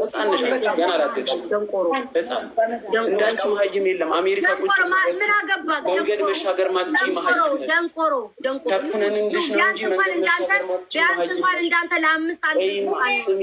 ህፃን ነሽ አንቺ ገና አላደግሽም። ህፃን እንዳንቺ መሀይም የለም። አሜሪካ ቁጭ መንገድ መሻገር ማትቺ መሀይም ከፍነን እንድሽ ነው እንጂ መንገድ መሻገር ማትቺ መሀይም ስሚ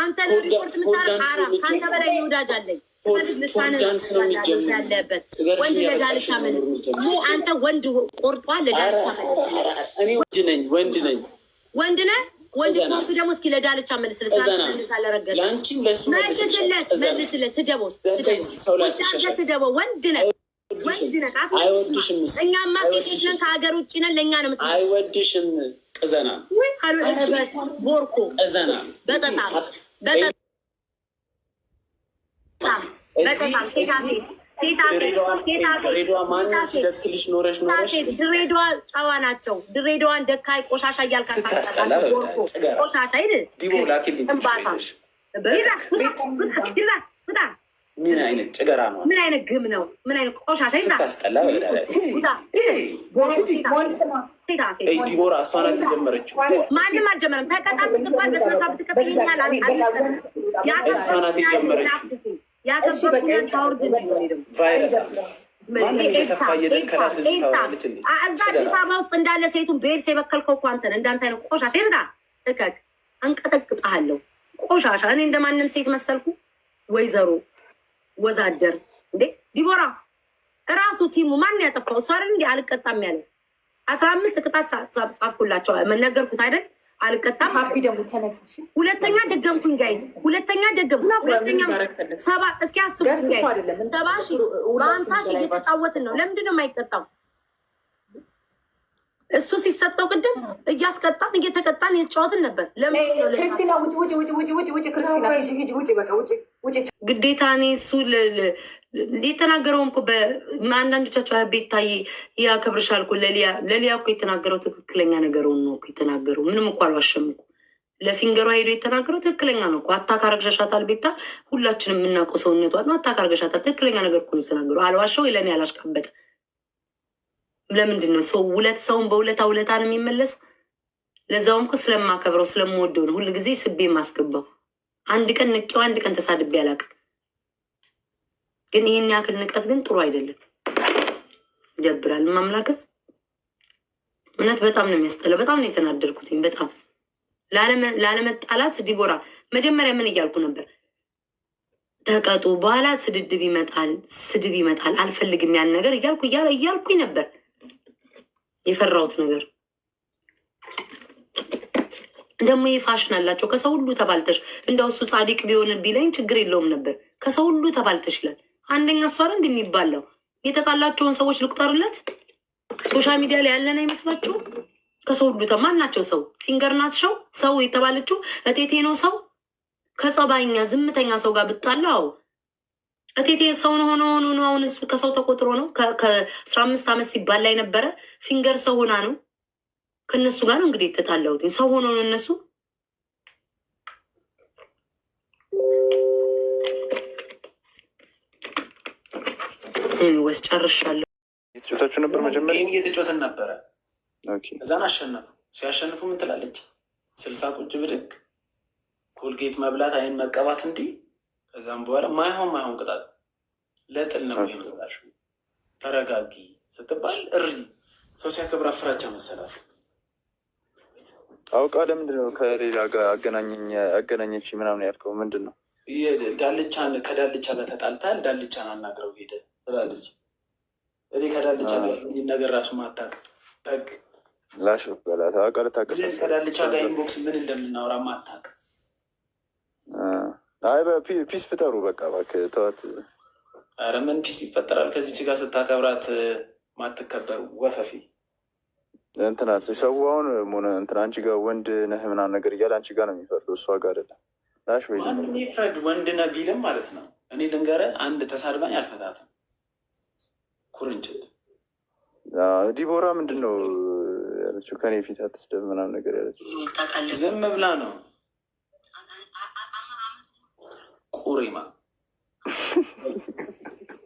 አንተ ሪፖርት ምታረግ ከአንተ በላይ ወዳጅ አለኝ። አንተ ወንድ ቆርጧል። ለዳልቻ ወንድ ነኝ ወንድ ነኝ ወንድ ነህ ወንድ ደግሞ እስኪ ለዳልቻ መልስ እኛማ ሴቶች ነን ከሀገር ውጭ ነን። ለእኛ ነው አይወድሽም። ቅዘና ቅዘና ድሬዳዋ ጨዋ ናቸው። ድሬዳዋን ደካ ቆሻሻ እያልካ ምን አይነት ጭገራ ነው? ምን አይነት ግም ነው? ምን አይነት ቆሻሻ ስታስጠላ። ዲቦራ እሷ ናት የጀመረችው። ማንም አልጀመረም። ተቀጣ ስትባል በስነሳ ብትከፍልኛል። እሷ ናት የጀመረችው። እዛ አዲስ ውስጥ እንዳለ ሴቱን በኤድስ የበከልከው እኮ አንተ እንዳንተ አይነት ቆሻሻ ይርዳ ጥቀቅ አንቀጠቅጥሃለሁ። ቆሻሻ እኔ እንደማንም ሴት መሰልኩ ወይዘሮ ወዛደር እንዴ ዲቦራ እራሱ ቲሙ ማን ያጠፋው? እሷ አይደል እንዲ አልቀጣም ያለ አስራ አምስት ቅጣት ጻፍኩላቸው መነገርኩት አይደል አልቀጣም። ሁለተኛ ደገምኩኝ ጋይዝ፣ ሁለተኛ ደገም ሁለተኛ ሰባ እስኪ አስቡ ጋይዝ፣ ሰባ ሺ በሀምሳ ሺ እየተጫወትን ነው። ለምንድን ነው የማይቀጣው? እሱ ሲሰጠው ቅድም እያስቀጣን እየተቀጣን የተጫወትን ነበር። ግዴታ እኔ እሱ የተናገረውም እኮ አንዳንዶቻቸው ቤታዬ ያከብርሻል እኮ ለሊያ እኮ የተናገረው ትክክለኛ ነገረውን ነው የተናገረው። ምንም እኮ አልዋሸም እኮ ለፊንገሯ ሄዶ የተናገረው ትክክለኛ ነው እኮ። አታካረግሻሻታል ቤታ፣ ሁላችንም የምናውቀው ሰውነቷ ነው። አታካረግሻታል ትክክለኛ ነገር እኮ ነው የተናገረው። አልዋሸው ለእኔ አላሽቃበጠ ለምንድን ነው ሰው ውለት ሰውን በውለታ ውለታ ነው የሚመለስ? ለዛውም እኮ ስለማከብረው ስለምወደው ነው ሁል ጊዜ ስቤ ማስገባው። አንድ ቀን ንቄው፣ አንድ ቀን ተሳድቤ አላውቅም። ግን ይህን ያክል ንቀት ግን ጥሩ አይደለም፣ ይደብራል። ማምላክን እውነት በጣም ነው የሚያስጠላ። በጣም ነው የተናደድኩትኝ። በጣም ላለመጣላት ዲቦራ፣ መጀመሪያ ምን እያልኩ ነበር? ተቀጡ በኋላ ስድድብ ይመጣል፣ ስድብ ይመጣል፣ አልፈልግም ያን ነገር እያልኩ እያልኩኝ ነበር የፈራሁት ነገር ደግሞ ይህ ፋሽን አላቸው። ከሰው ሁሉ ተባልተሽ እንደው እሱ ጻድቅ ቢሆን ቢለኝ ችግር የለውም ነበር። ከሰው ሁሉ ተባልተሽ ይላል። አንደኛ እሷ አይደል እንደሚባለው የተጣላቸውን ሰዎች ልቁጠርለት። ሶሻል ሚዲያ ላይ ያለን አይመስላችሁ? ከሰው ሁሉ ተማን ናቸው። ሰው ፊንገር ናት ሰው ሰው የተባለችው እቴቴ ነው ሰው ከጸባይኛ ዝምተኛ ሰው ጋር ብጣላው እቴቴ ሰውን ሆኖ ሆኖ ነው። አሁን እሱ ከሰው ተቆጥሮ ነው። ከአስራ አምስት ዓመት ሲባል ላይ ነበረ። ፊንገር ሰው ሆና ነው። ከእነሱ ጋር ነው እንግዲህ የተጣላሁት። ሰው ሆኖ ነው እነሱ ወስ ጨርሻለሁ። የተጫወታችሁ ነበር መጀመሪያ እየተጫወትን ነበረ። እዛን አሸነፉ። ሲያሸንፉ ምን ትላለች? ስልሳ ቁጭ ብድግ ኮልጌት መብላት አይን መቀባት እንዲህ ከዛም በኋላ ማይሆን ማይሆን ቅጣት ለጥል ነው የመጣሽ ተረጋጊ ስትባል እሪ ሰው ሲያከብር ፍራቻ መሰላት አውቃ ለምንድን ነው ከሌላ ጋር አገናኘች ምናምን ያልከው ምንድን ነው? ዳልቻን ከዳልቻ ጋር ተጣልታል፣ ዳልቻን አናግረው ሄደ ትላለች። እኔ ከዳልቻ ጋር ነገር ራሱ ማታቅ በግ ላሽ በላት አውቃ ልታቀሳል ከዳልቻ ጋር ኢንቦክስ ምን እንደምናወራ ማታቅ አይ ፒስ ፍጠሩ በቃ እባክህ ተዋት። አረ ምን ፒስ ይፈጠራል? ከዚች ጋር ስታከብራት ማትከበር ወፈፊ እንትናት ሰው አሁን ሆነ እንትን አንቺ ጋር ወንድ ነህ ምናምን ነገር እያለ አንቺ ጋር ነው የሚፈርዱ፣ እሷ ጋር አይደለም። ራሽ ይፍረድ ወንድ ነህ ቢልም ማለት ነው። እኔ ልንገርህ፣ አንድ ተሳድባኝ አልፈታትም። ኩርንችት ዲቦራ ምንድን ነው ያለችው? ከኔ ፊት አትስደብ ምናምን ነገር ያለችው ዝም ብላ ነው ቁሪማ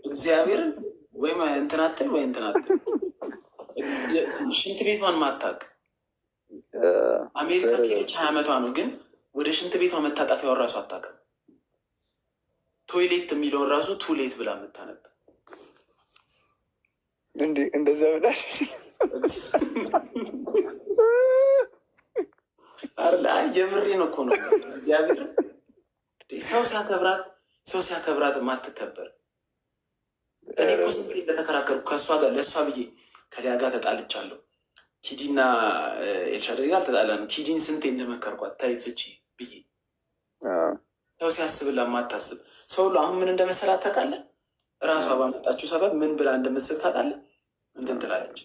እግዚአብሔርን ወይም እንትናትል ወይ እንትናትል ሽንት ቤቷን ማታቅ አሜሪካ ከሄደች ሀያ ዓመቷ ነው፣ ግን ወደ ሽንት ቤቷ መታጠፊያውን ራሱ አታውቅም። ቶይሌት የሚለውን ራሱ ቱሌት ብላ የምታነብ እንዲ እንደዚያ ብላ የምሬን እኮ ነው እግዚአብሔር ሰው ሲያከብራት ሰው ሲያከብራት ማትከበር እኔ እኮ ስንት እንደተከራከርኩ ከእሷ ጋር ለእሷ ብዬ ከሊያ ጋር ተጣልቻለሁ። ኪዲና ኤልሻዳይ ጋር አልተጣላንም። ኪዲን ስንቴ እንደመከርኳት ታይ ፍቺ ብዬ ሰው ሲያስብላ ማታስብ ሰው ሁሉ አሁን ምን እንደመሰላት ታውቃለህ? እራሷ ባመጣችሁ ሰበብ ምን ብላ እንደምትስብ ታውቃለህ? እንትን ትላለች።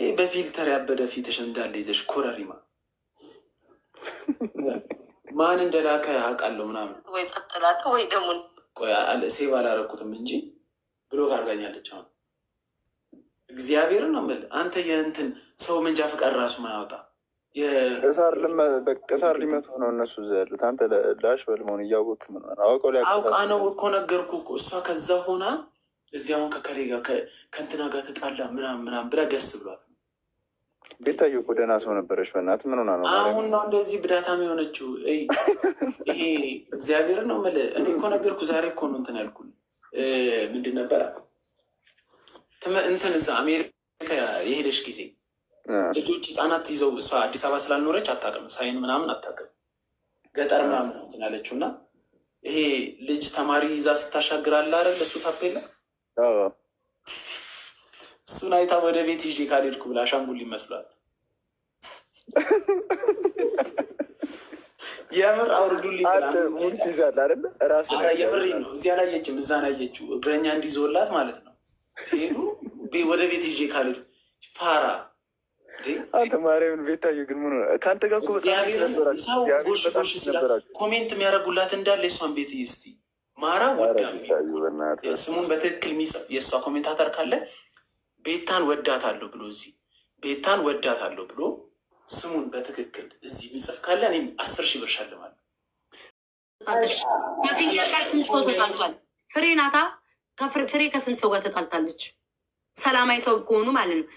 ይህ በፊልተር ያበደ ፊትሽ እንዳለ ይዘሽ ኮረሪማ ማን እንደላከ አውቃለሁ ምናምን ወይ ጸጥ እላለሁ ወይ ደግሞ ሴቭ አላረኩትም እንጂ ብሎ ካርጋኛለች አሁን እግዚአብሔርን ነው የምልህ አንተ የእንትን ሰው መንጃ ፍቃድ ራሱ ማያወጣ ቅሳር ሊመቱ ነው እነሱ እዛ ያሉት። አንተ ላሽ በልመሆን እያወቅ አውቃ ነው እኮ ነገርኩ እኮ እሷ ከዛ ሆና እዚህ አሁን ከከሌ ጋር ከእንትና ጋር ተጣላ ምናምን ምናምን ብላ ደስ ብሏት ቤታዬ እኮ ደህና ሰው ነበረች። በእናት ምን ሆና ነው አሁን ነው እንደዚህ ብዳታም የሆነችው? ይሄ እግዚአብሔር ነው መለ እኔ እኮ ነገርኩ ዛሬ እኮ ነው እንትን ያልኩህ ምንድን ነበረ እንትን እዛ አሜሪካ የሄደች ጊዜ ልጆች ህፃናት ይዘው እሷ አዲስ አበባ ስላልኖረች አታውቅም፣ ሳይን ምናምን አታውቅም። ገጠር ምናምን እንትን ያለችው እና ይሄ ልጅ ተማሪ ይዛ ስታሻግራል አይደል እሱ ታፔላ እሱን አይታ ወደ ቤት ይዤ ካልሄድኩ ብላ አሻንጉል ይመስሏል። የምር አውርዱልኝ ይዛል የምር ነው። እዚህ አላየችም፣ እዛን አየችው። እግረኛ እንዲዞላት ማለት ነው። ሲሄዱ ወደ ቤት ይዤ ካልሄድኩ ፋራ አንተ ማርያምን ቤታዬ ግን ምን ከአንተ ጋር እኮ በጣም ኮሜንት የሚያደርጉላት እንዳለ የእሷን ቤት እስቲ ማራ ወዳሚ ስሙን በትክክል የሚጽፍ የእሷ ኮሜንታተር ካለ ቤታን ወዳታለሁ ብሎ እዚህ ቤታን ወዳታለሁ ብሎ ስሙን በትክክል እዚህ የሚጽፍ ካለ እኔም አስር ሺህ ብር እሸልማለሁ። ከፍዬ ከስንት ሰው ተጣልቷል? ፍሬ ናታ። ከፍሬ ከስንት ሰው ጋር ተጣልታለች? ሰላማዊ ሰው ከሆኑ ማለት ነው።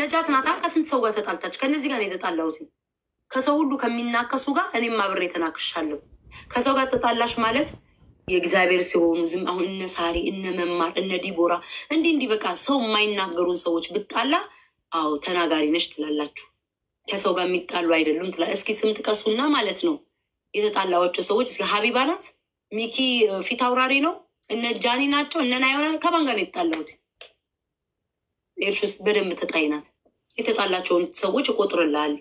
ነጃት ናታ ከስንት ሰው ጋር ተጣልታች? ከእነዚህ ጋር ነው የተጣላሁት። ከሰው ሁሉ ከሚናከሱ ጋር እኔም አብሬ ተናክሻለሁ። ከሰው ጋር ተጣላሽ ማለት የእግዚአብሔር ሲሆኑ ዝም አሁን እነ ሳሪ እነ መማር እነ ዲቦራ እንዲህ እንዲህ በቃ ሰው የማይናገሩን ሰዎች ብጣላ፣ አዎ ተናጋሪ ነች ትላላችሁ። ከሰው ጋር የሚጣሉ አይደሉም ትላ እስኪ ስም ጥቀሱና ማለት ነው የተጣላዋቸው ሰዎች እስኪ ሀቢባ ናት፣ ሚኪ ፊት አውራሪ ነው፣ እነ ጃኒ ናቸው፣ እነ ናይሆና ከማን ጋር ነው የተጣላሁት? ኤርሽ ውስጥ በደንብ ተጣይ ናት። የተጣላቸውን ሰዎች እቆጥርልሃል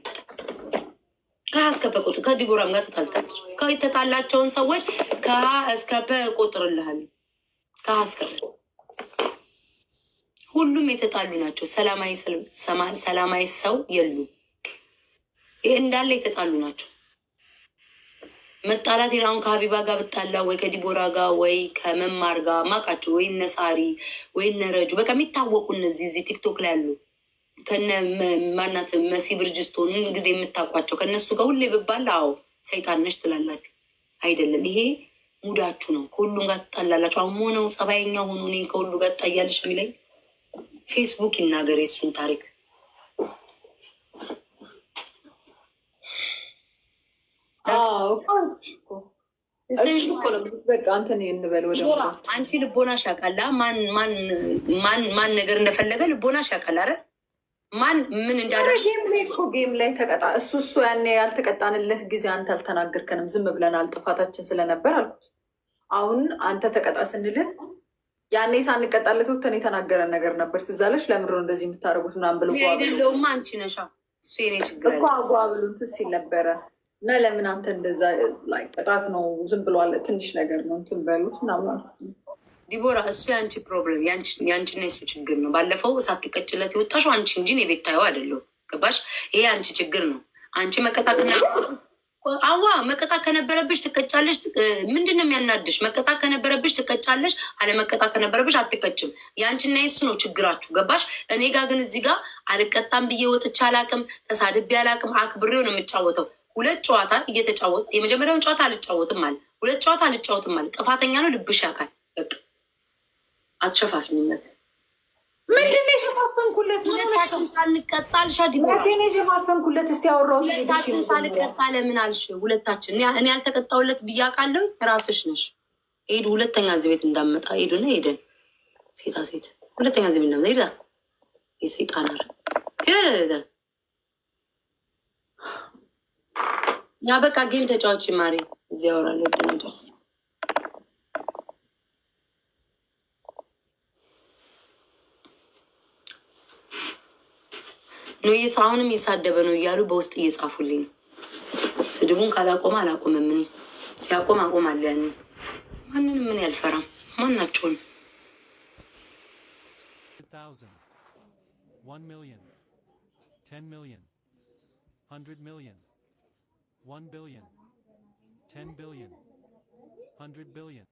ከሀስከበቁት ከዲቦራም ጋር ተጣልታለች። የተጣላቸውን ሰዎች ከሀ እስከ ፐ ከሀ እስከ ሁሉም የተጣሉ ናቸው። ሰላማዊ ሰው የሉም። ይህ እንዳለ የተጣሉ ናቸው። መጣላት አሁን ከሀቢባ ጋር ብጣላ ወይ ከዲቦራ ጋር ወይ ከመማር ጋር ማቃቸው ወይ ነሳሪ ወይ ነረጁ በቃ የሚታወቁ እነዚህ እዚህ ቲክቶክ ላይ ያሉ ከነ ማናት መሲ ብርጅስቶን እንግዲህ የምታውቋቸው ከእነሱ ጋር ሁሌ ብባል አዎ ሰይጣን ነሽ ትላላችሁ። አይደለም ይሄ ሙዳችሁ ነው። ከሁሉም ጋር ትጣላላችሁ። አሁን ሆነው ጸባይኛ ሆኑ። እኔ ከሁሉ ጋር ትጣያለሽ የሚለኝ ፌስቡክ ይናገር የሱን ታሪክ። አንቺ ልቦናሽ ያውቃል። ማን ነገር እንደፈለገ ልቦናሽ ያውቃል አረ ማን ምን እንዳደረገ ጌም ላይ ተቀጣ። እሱ እሱ ያኔ ያልተቀጣንልህ ጊዜ አንተ አልተናገርከንም፣ ዝም ብለናል፣ ጥፋታችን ስለነበር አልኩት። አሁን አንተ ተቀጣ ስንልህ ያኔ ሳንቀጣለት ወተን የተናገረን ነገር ነበር። ትዝ አለሽ? ለምንድን ነው እንደዚህ የምታደርጉት ምናምን ብሎ አይደለውማ። አንቺ ነሻ እሱ የኔ ችግር እኮ አጓ ብሎ ሲል ነበረ እና ለምን አንተ እንደዛ ቅጣት ነው ዝም ብሏል። ትንሽ ነገር ነው እንትን በሉት ምናምን ዲቦራ፣ እሱ የአንቺ ፕሮብለም የአንቺና የሱ ችግር ነው። ባለፈው ሳትቀጭለት የወጣሽው አንቺ እንጂ ቤታየው አይደለሁ። ገባሽ? ይሄ አንቺ ችግር ነው። አንቺ መቀጣትና አዋ መቀጣ ከነበረብሽ ትቀጫለሽ። ምንድን ነው የሚያናድሽ? መቀጣ ከነበረብሽ ትቀጫለሽ፣ አለመቀጣ ከነበረብሽ አትቀጭም። ያንቺና የሱ ነው ችግራችሁ። ገባሽ? እኔ ጋ ግን እዚህ ጋ አልቀጣም ብዬ ወጥቼ አላቅም፣ ተሳድቤ አላቅም። አክብሬው ነው የምጫወተው። ሁለት ጨዋታ እየተጫወት የመጀመሪያውን ጨዋታ አልጫወትም አለ፣ ሁለት ጨዋታ አልጫወትም አለ። ጥፋተኛ ነው ልብሽ ያካል። በቃ አትሸፋፍኝነት ምንድን ነው የሸፋፈንኩለት? ሁለታችን ሳንቀጣ አልሻ ዲሞራቴን የሸፋፈንኩለት። እስቲ አወራው። ሁለታችን ሳንቀጣ ለምን አልሽ? ሁለታችን እኔ ያልተቀጣሁለት ብዬ ራስሽ ነሽ። ሄዱ ሁለተኛ እዚህ ቤት እንዳመጣ ሄዱና ሄደን ሴታ ሴት ሁለተኛ እዚህ ቤት እንዳመጣ ሄዳ የሰይጣን አር ያ በቃ ጌም ተጫዋች ማሪ እዚህ ያወራለ ነው አሁንም እየተሳደበ ነው እያሉ በውስጥ እየጻፉልኝ ነው። ስድቡን ካላቆመ አላቆመም። እኔ ሲያቆም አቆም አለ። ያን ማንንም ምን ያልፈራም ማናቸውን ሚሊዮን